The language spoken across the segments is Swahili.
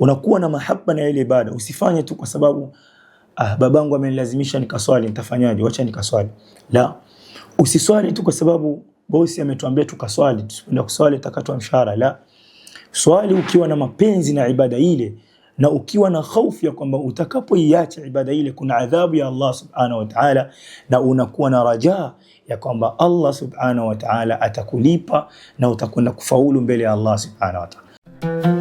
unakuwa na mahaba na ile ibada. Usifanye tu kwa sababu ah, babangu amenilazimisha nikaswali, nitafanyaje? Wacha nikaswali. La, usiswali tu kwa sababu bosi ametuambia tukaswali, tusipende kuswali takatwa mshahara. La, swali ukiwa na mapenzi na ibada ile na ukiwa na hofu ya kwamba utakapoiacha ibada ile kuna adhabu ya Allah subhanahu wa ta'ala, na unakuwa na rajaa ya kwamba Allah subhanahu wa ta'ala atakulipa na utakwenda kufaulu mbele ya Allah subhanahu wa ta'ala.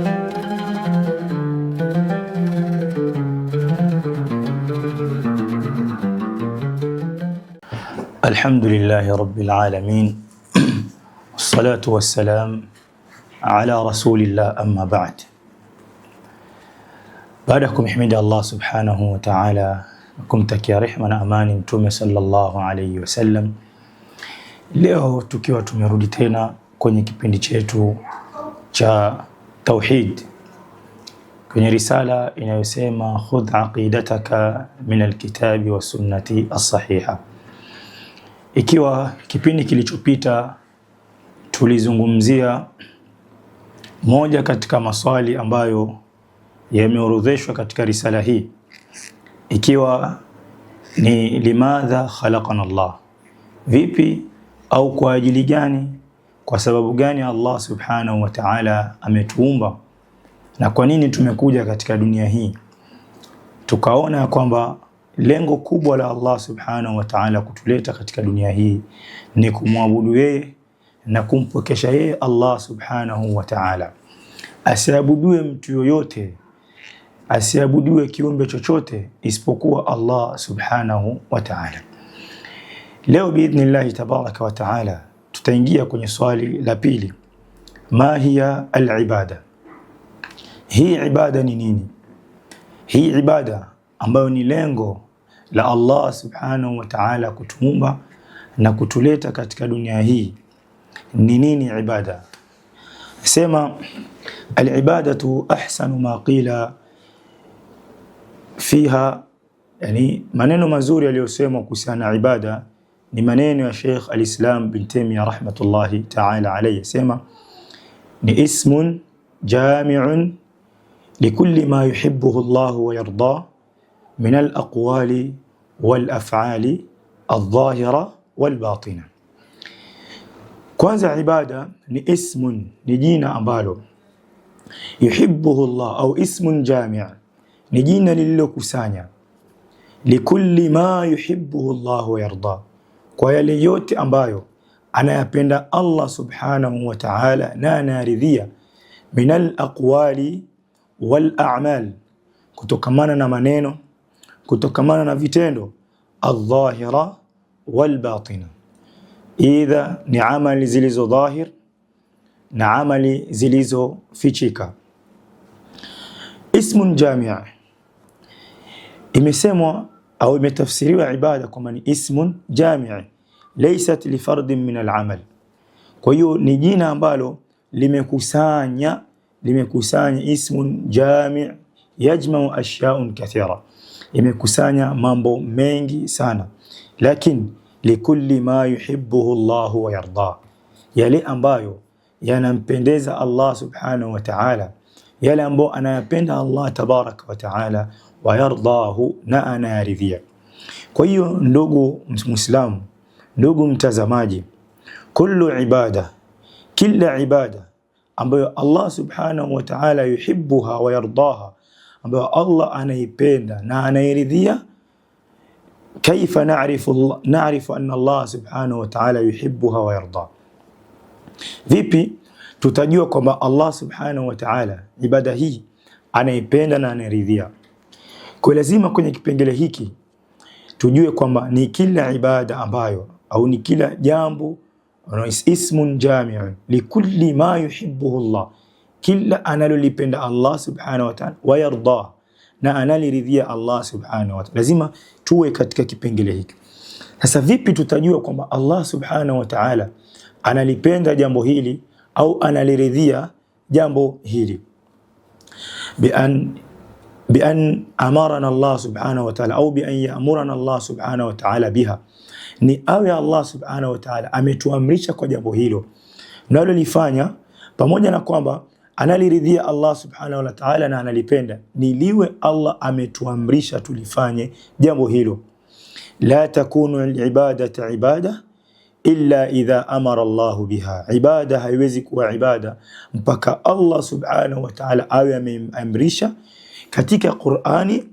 الحمد لله رب العالمين والصلاة والسلام على رسول الله أما بعد baada kumhimida Allah subhanahu wa ta'ala na kumtakia rehma na amani mtume sallallahu alayhi wasallam. Leo tukiwa tumerudi tena kwenye kipindi chetu cha tauhid kwenye risala inayosema khudh aqidataka min alkitabi wa sunnati as-sahiha, Ikiwa kipindi kilichopita tulizungumzia moja katika maswali ambayo yameorodheshwa katika risala hii, ikiwa ni limadha khalaqana Allah, vipi au kwa ajili gani, kwa sababu gani Allah subhanahu wa ta'ala ametuumba na kwa nini tumekuja katika dunia hii, tukaona kwamba Lengo kubwa la Allah subhanahu wa ta'ala kutuleta katika dunia hii ni kumwabudu yeye na kumpokesha yeye Allah subhanahu wa ta'ala. Asiabudiwe mtu yoyote, asiabudiwe kiumbe chochote isipokuwa Allah subhanahu wa ta'ala. Leo biidhnillahi tabaraka wa ta'ala tutaingia kwenye swali la pili, ma hiya alibada, hii ibada ni nini? Hii ibada ambayo ni lengo la Allah subhanahu wa ta'ala kutuumba na kutuleta katika dunia hii ni nini ibada? Sema alibadatu ahsanu ma qila fiha, yani maneno mazuri yaliyosemwa kuhusiana na ibada ni maneno ya Sheikh al-Islam bin Taymiyyah rahmatullahi ta'ala alayhi, sema ni ismun jami'un likulli ma yuhibbuhu Allah wa yardah min alaqwali walafali aldhahira walbatina. Kwanza, ibada ni ismun, ni jina ambalo yuhibbuhu llah au ismun jami, ni jina lililokusanya likulli ma yuhibbuhu llah wa kwa yale yote ambayo anayapenda Allah subhanahu wa ta'ala na anayaridhia, min alaqwali walamal, kutokamana na maneno kutokamana na vitendo aldhahira walbatina, idha ni amali zilizo dhahir na amali zilizofichika. Ismun jamia imesemwa au imetafsiriwa ibada kwamba ni ismun jamii, laysat lifardin min alamal. Kwa hiyo ni jina ambalo limekusanya limekusanya, ismun jamii yajmau ashyaun kathira imekusanya mambo mengi sana, lakini likulli ma yuhibbuhu Allahu wa yarda, yale ambayo yanampendeza Allah subhanahu wa ta'ala, yale ambayo anayapenda Allah tabaraka wa ta'ala, wa yardahu, na anayaridhia. Kwa hiyo ndugu Muislamu, ndugu mtazamaji, kullu ibada, kila ibada ambayo Allah subhanahu wa ta'ala yuhibbuha wa yardaha ambayo Allah anaipenda na anairidhia. Kaifa narifu narifu anna Allah subhanahu wa ta'ala yuhibbuha wa yarda, vipi tutajua kwamba Allah subhanahu wa ta'ala ibada hii anaipenda na anairidhia? Kwa lazima kwenye kipengele hiki tujue kwamba ni kila ibada ambayo au ni kila jambo ismun jami'un likulli ma yuhibbuhu Allah kila analolipenda Allah subhanahu wa ta'ala, wayarda, na analiridhia Allah subhanahu wa ta'ala. Lazima tuwe katika kipengele hiki. Sasa vipi tutajua kwamba Allah subhanahu wa ta'ala analipenda jambo hili au analiridhia jambo hili? bi an bi an amarana Allah subhanahu wa ta'ala au bi an ya'murana Allah subhanahu wa ta'ala biha, ni awe Allah subhanahu wa ta'ala ametuamrisha kwa jambo hilo nalolifanya, pamoja na kwamba analiridhia Allah subhanahu wa ta'ala na analipenda, ni liwe Allah ametuamrisha tulifanye jambo hilo. La takunu alibadata ibada illa idha amara Allahu biha, ibada haiwezi kuwa ibada mpaka Allah subhanahu wa ta'ala awe ameamrisha katika Qur'ani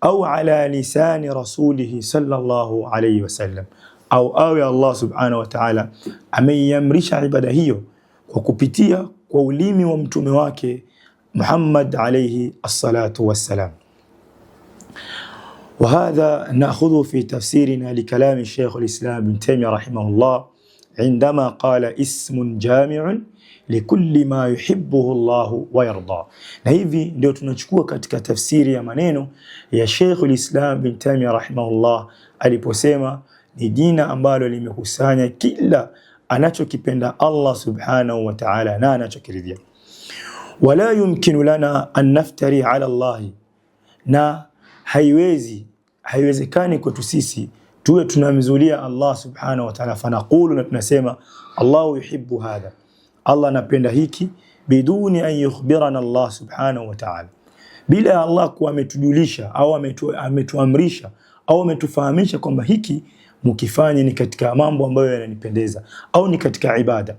au ala lisani rasulihi sallallahu alayhi wasallam, au awe Allah subhanahu wa ta'ala ameiamrisha ibada hiyo kwa kupitia kwa ulimi wa mtume wake Muhammad alayhi assalatu wassalam. وهذا ناخذه في تفسيرنا لكلام الشيخ الاسلام ابن تيميه رحمه الله عندما قال اسم جامع likulli ma yuhibbuhu Allahu wa yarda. Na hivi ndio tunachukua katika tafsiri ya maneno ya al Islam bin Taymiyyah rahimahullah aliposema ni jina ambalo limekusanya kila anachokipenda Allah subhanahu wa ta'ala na anachokiridhia. Wala yumkinu lana an naftari ala Allahi, na haiwezi haiwezekani kwetu sisi tuwe tunamzulia Allah subhanahu wa ta'ala, fanaqulu, na tunasema Allahu yuhibbu hadha, Allah anapenda hiki, biduni an yukhbirana Allah subhanahu wa ta'ala, bila ya Allah kuwa ametujulisha au ametuamrisha au ametufahamisha kwamba hiki mukifanya ni katika mambo ambayo yananipendeza au ni katika ibada.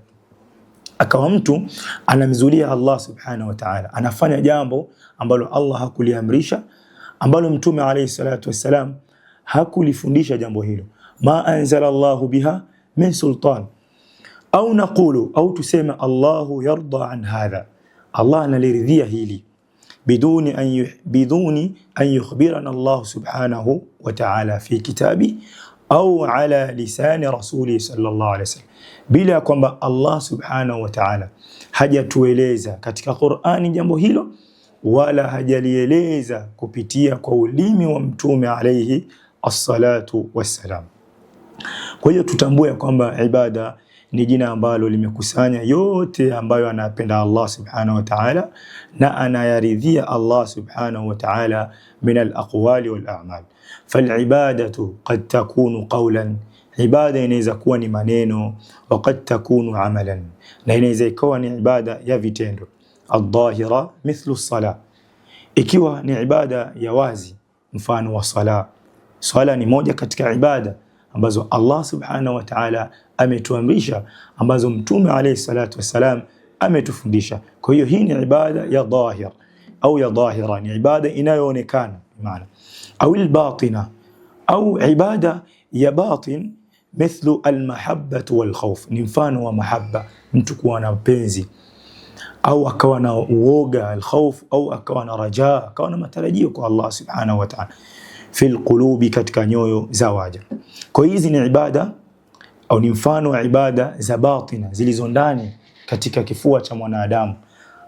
Akawa mtu anamzulia Allah subhanahu wa ta'ala, anafanya jambo ambalo Allah hakuliamrisha, ambalo Mtume alayhi salatu wassalam hakulifundisha jambo hilo, ma anzala Allahu biha min sultan au naqulu au tuseme Allahu yarda an hadha, Allah analiridhia hili biduni an, biduni an yukhbirana Allah subhanahu wa ta'ala fi kitabi au ala lisani rasuli sallallahu alaihi wasallam, bila ya kwamba Allah subhanahu wa ta'ala hajatueleza katika Qur'ani jambo hilo wala hajalieleza kupitia kwa ulimi wa mtume alaihi assalatu wassalam. Kwa hiyo tutambue kwamba ibada ni jina ambalo limekusanya yote ambayo anapenda Allah subhanahu wa ta'ala na anayaridhia Allah subhanahu wa ta'ala min alaqwali wal a'mal. Falibadatu qad takunu qawlan, ibada inaweza kuwa ni maneno, wa qad takunu amalan, na inaweza ikawa ni ibada ya vitendo. Aldhahira mithlu sala, ikiwa ni ibada ya wazi, mfano wa sala. Sala ni moja katika ibada ambazo Allah subhanahu wa ta'ala ametuamrisha, ambazo Mtume alayhi salatu wassalam ametufundisha. Kwa hiyo hii ni ibada ya dhahir au ya dhahira, ni ibada inayoonekana المعنى أو الباطنة au ibada ya batin mithlu almahabbatu walkhauf, ni mfano wa mahaba, mtu kuwa na mpenzi au akawa na uoga alkhauf, au akawa na raja akawa na matarajio kwa Allah subhanahu wa ta'ala, fil qulubi, katika nyoyo za waja. Kwa hizi ni ibada au ni mfano wa ibada za batina zilizo ndani katika kifua cha mwanadamu,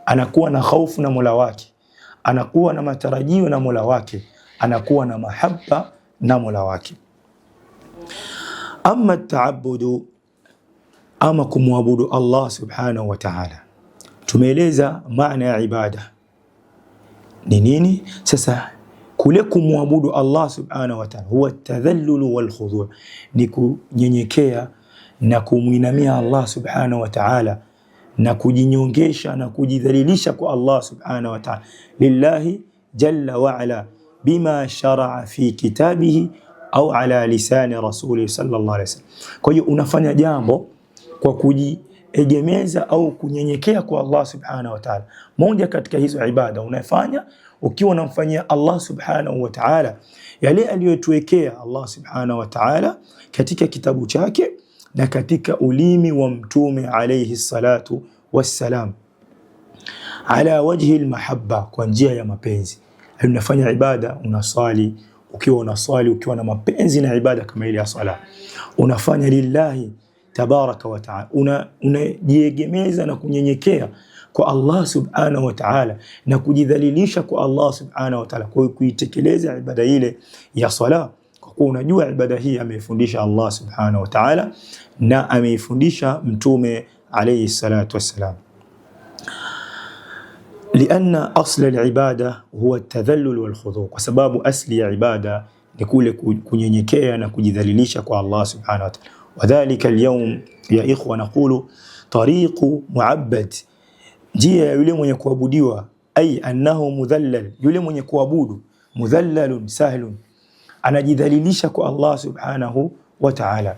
anakuwa na khaufu na Mola wake anakuwa na matarajio na Mola wake, anakuwa na mahaba na Mola wake. Ama taabudu, ama kumwabudu Allah subhanahu wa ta'ala, tumeeleza maana ya ibada ni nini. Sasa kule kumwabudu Allah subhanahu wa ta'ala huwa tadhallulu wal khudu, ni kunyenyekea na kumwinamia Allah subhanahu wa ta'ala na kujinyongesha na kujidhalilisha kwa Allah subhanahu wa ta'ala, lillahi jalla wa ala bima sharaa fi kitabihi au ala lisani rasuli sallallahu alaihi wasallam. Kwa hiyo unafanya jambo kwa kujiegemeza au kunyenyekea kwa Allah subhanahu wa ta'ala. Moja katika hizo ibada unafanya ukiwa unamfanyia Allah subhanahu wa ta'ala yale aliyotuwekea Allah subhanahu wa ta'ala katika kitabu chake na katika ulimi wa Mtume alayhi salatu wassalam, ala wajhi almahabba, kwa njia ya mapenzi. Unafanya ibada, unaswali ukiwa unaswali ukiwa na mapenzi na ibada kama ile ya sala, unafanya lillahi tabaraka wa taala, unajiegemeza una na kunyenyekea kwa Allah subhanahu wa taala na kujidhalilisha kwa Allah subhanahu wa taala, kwa kuitekeleza ibada ile ya sala kuwa unajua ibada hii ameifundisha Allah subhanahu wa ta'ala na ameifundisha Mtume alayhi salatu wassalam, lianna asla alibada huwa tadhallul wal kwa sababu asli ya ibada ni kule kunyenyekea na kujidhalilisha kwa Allah subhanahu wa ta'ala. Wadhalika alyawm ya ikhwa naqulu tariqu muabbad, njia ya yule mwenye kuabudiwa, ai annahu mudhallal, yule mwenye kuabudu mudhallalun sahlun anajidhalilisha kwa Allah subhanahu wa ta'ala,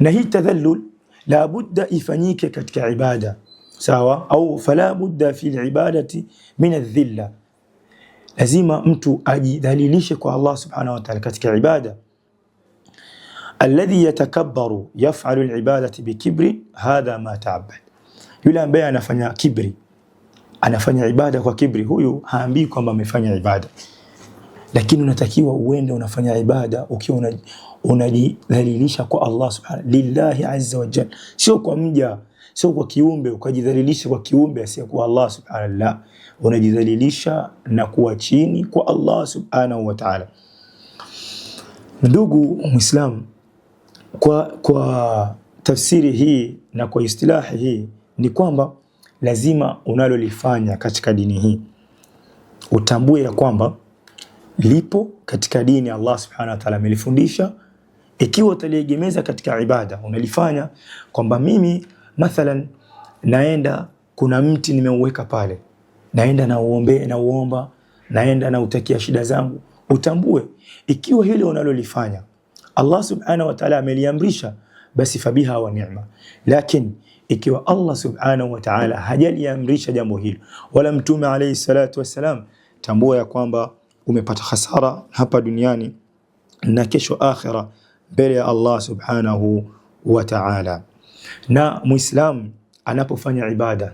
na hii tadhallul la budda ifanyike katika ibada sawa, au fala budda fi ibadati min adh lazima mtu ajidhalilishe kwa Allah subhanahu wa ta'ala katika ibada. Alladhi yatakabbaru yaf'alu al-ibadati bikibri hadha ma ta'abbad, yule ambaye anafanya kibri, anafanya ibada kwa kibri, huyu haambii kwamba amefanya ibada lakini unatakiwa uende unafanya ibada ukiwa unajidhalilisha kwa Allah subhanahu lillahi azza wa jalla, sio kwa mja, sio kwa kiumbe, ukajidhalilisha kwa kiumbe kwa Allah subhanallah. Unajidhalilisha na kuwa chini kwa Allah subhanahu wa ta'ala. Ndugu Muislam, kwa, kwa tafsiri hii na kwa istilahi hii ni kwamba lazima unalolifanya katika dini hii utambue ya kwamba lipo katika dini. Allah subhanahu wa ta'ala amelifundisha. Ikiwa utaliegemeza katika ibada, unalifanya kwamba mimi mathalan naenda, kuna mti nimeuweka pale, naenda nauombe, nauomba, naenda nautakia shida zangu, utambue ikiwa hilo unalolifanya Allah subhanahu wa ta'ala ameliamrisha, basi fabiha wa ni'ma. Lakini ikiwa Allah subhanahu wa ta'ala hajaliamrisha jambo hilo wala mtume alayhi salatu wassalam, tambua ya kwamba umepata hasara hapa duniani na kesho akhira mbele ya Allah subhanahu wa ta'ala. Na muislam anapofanya ibada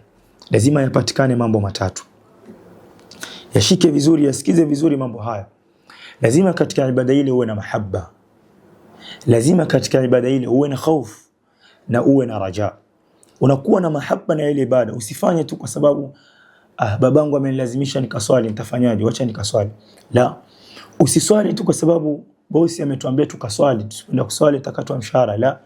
lazima yapatikane mambo matatu, yashike vizuri, yasikize vizuri mambo haya. Lazima katika ibada ile uwe na mahaba, lazima katika ibada ile uwe na khaufu na uwe na raja. Unakuwa na mahaba na ile ibada, usifanye tu kwa sababu ah, babangu amenilazimisha nikaswali, nitafanyaje? Wacha nikaswali. La, usiswali tu kwa sababu bosi ametuambia tukaswali, tusipoenda kuswali takatwa mshahara. La,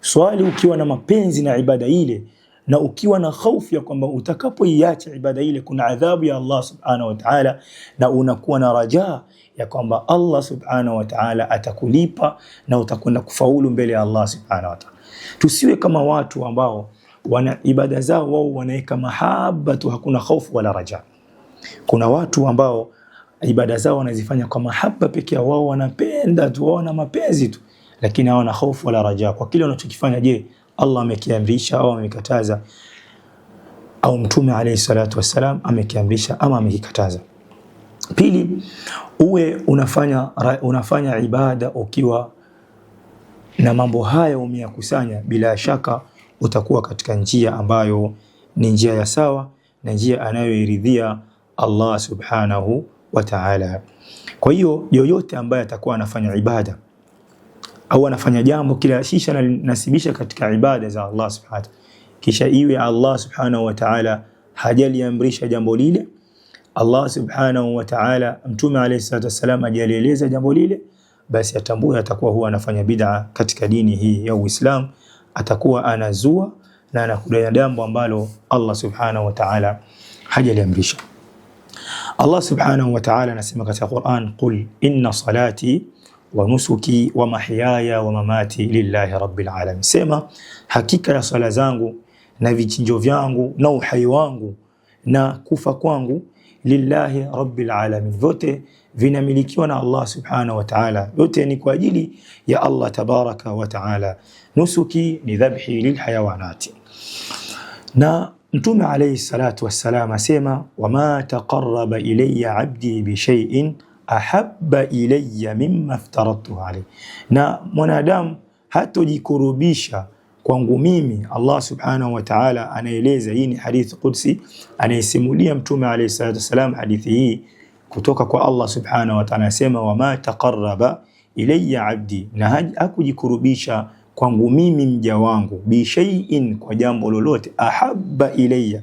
swali ukiwa na mapenzi na ibada ile na ukiwa na hofu ya kwamba utakapoiacha ibada ile kuna adhabu ya Allah subhanahu wa ta'ala, na unakuwa na rajaa ya kwamba Allah subhanahu wa ta'ala atakulipa na utakwenda kufaulu mbele ya Allah subhanahu wa ta'ala. Tusiwe kama watu ambao wana ibada zao wao wanaweka mahaba tu, hakuna hofu wala raja. Kuna watu ambao ibada zao wanazifanya kwa mahaba pekee, wao wanapenda tu, wao na mapenzi tu, lakini hawana hofu wala raja kwa kile wanachokifanya. Je, Allah amekiamrisha au amekataza Au Mtume alayhi salatu wassalam amekiamrisha ama amekikataza? Pili, uwe unafanya, unafanya ibada ukiwa na mambo haya umeyakusanya, bila shaka utakuwa katika njia ambayo ni njia ya sawa na njia anayoiridhia Allah subhanahu wa ta'ala. Kwa hiyo yoyote ambaye atakuwa anafanya ibada au anafanya jambo kila shisha nasibisha katika ibada za Allah subhanahu kisha iwe Allah subhanahu wa ta'ala hajaliamrisha jambo lile, Allah subhanahu wa ta'ala, Mtume alayhi salatu wasalam ajalieleza jambo lile, basi atambue atakuwa huwa anafanya bid'a katika dini hii ya Uislamu atakuwa anazua na anakudana jambo ambalo Allah subhanahu wa ta'ala hajaliamrisha. Allah subhanahu wa ta'ala anasema katika Qur'an, qul inna salati wa nusuki wa mahyaya wa mamati lillahi rabbil alamin, sema hakika ya sala zangu na vichinjo vyangu na uhai wangu na kufa kwangu lillahi rabbil alamin, vyote vinamilikiwa na Allah subhanahu wa ta'ala, yote ni kwa ajili ya Allah tabaraka wa ta'ala nusuki ni dhabhi lilhayawanati. Na Mtume alayhi salatu wassalam asema, wama taqaraba ilayya abdi bishaiin ahabba ilayya mimma aftaradtu alayhi, na mwanadamu hatojikurubisha kwangu mimi Allah subhanahu wa ta'ala. Anaeleza, hii ni hadithi qudsi, anayesimulia Mtume alayhi salatu wassalam hadithi hii kutoka kwa Allah subhanahu wa ta'ala, anasema wama taqaraba ilayya abdi, na hakujikurubisha kwangu mimi mja wangu, bishaiin, kwa jambo lolote, ahabba ilayya,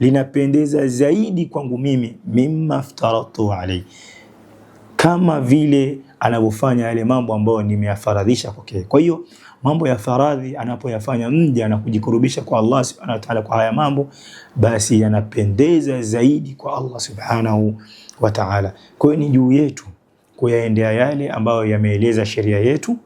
linapendeza zaidi kwangu mimi, mimma aftaratu alayhi, kama vile anavyofanya yale mambo ambayo nimeyafaradhisha kwake. Kwa hiyo mambo ya faradhi anapoyafanya mja na kujikurubisha kwa Allah subhanahu wa ta'ala kwa haya mambo, basi yanapendeza zaidi kwa Allah subhanahu wa ta'ala. Kwa hiyo ni juu yetu kuyaendea yale ambayo yameeleza sheria yetu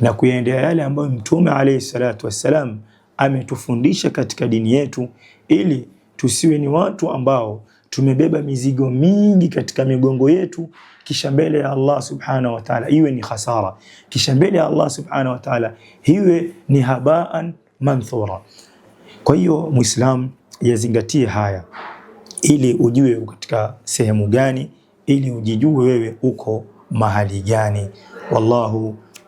na kuyaendea yale ambayo Mtume alayhi salatu wassalam ametufundisha katika dini yetu, ili tusiwe ni watu ambao tumebeba mizigo mingi katika migongo yetu, kisha mbele ya Allah subhanahu wa ta'ala iwe ni khasara, kisha mbele ya Allah subhanahu wa ta'ala iwe ni habaan manthura. Kwa hiyo Muislam yazingatie haya ili ujue katika sehemu gani, ili ujijue wewe uko mahali gani. Wallahu